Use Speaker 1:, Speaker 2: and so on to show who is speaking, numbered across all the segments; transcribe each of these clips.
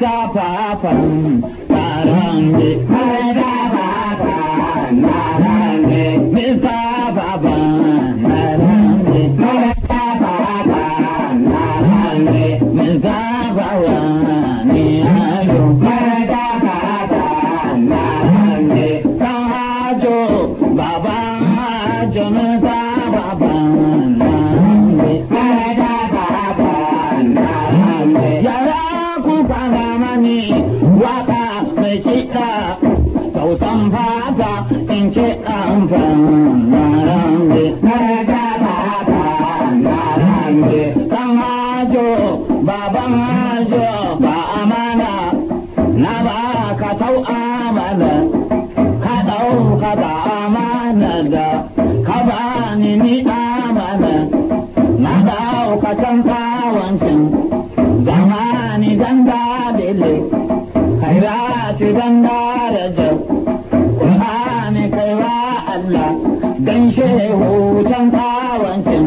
Speaker 1: Bye-bye. hange kan hajo baban hajo ba amana na ba ka tau amana ka ka ba amana da ka ba ni ni amana na ɗauka can kawancin zamani dan dadile kairati dan darajar kai wa, Allah dan shehu can kawancin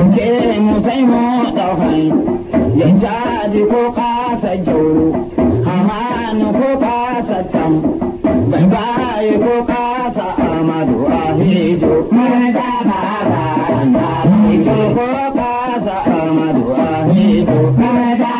Speaker 1: wanke musai motafai ya ko kasa jauro hamanu ko kasa tam bai ko kasa amadu ko kasa amadu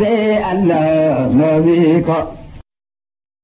Speaker 1: به الله موبیکا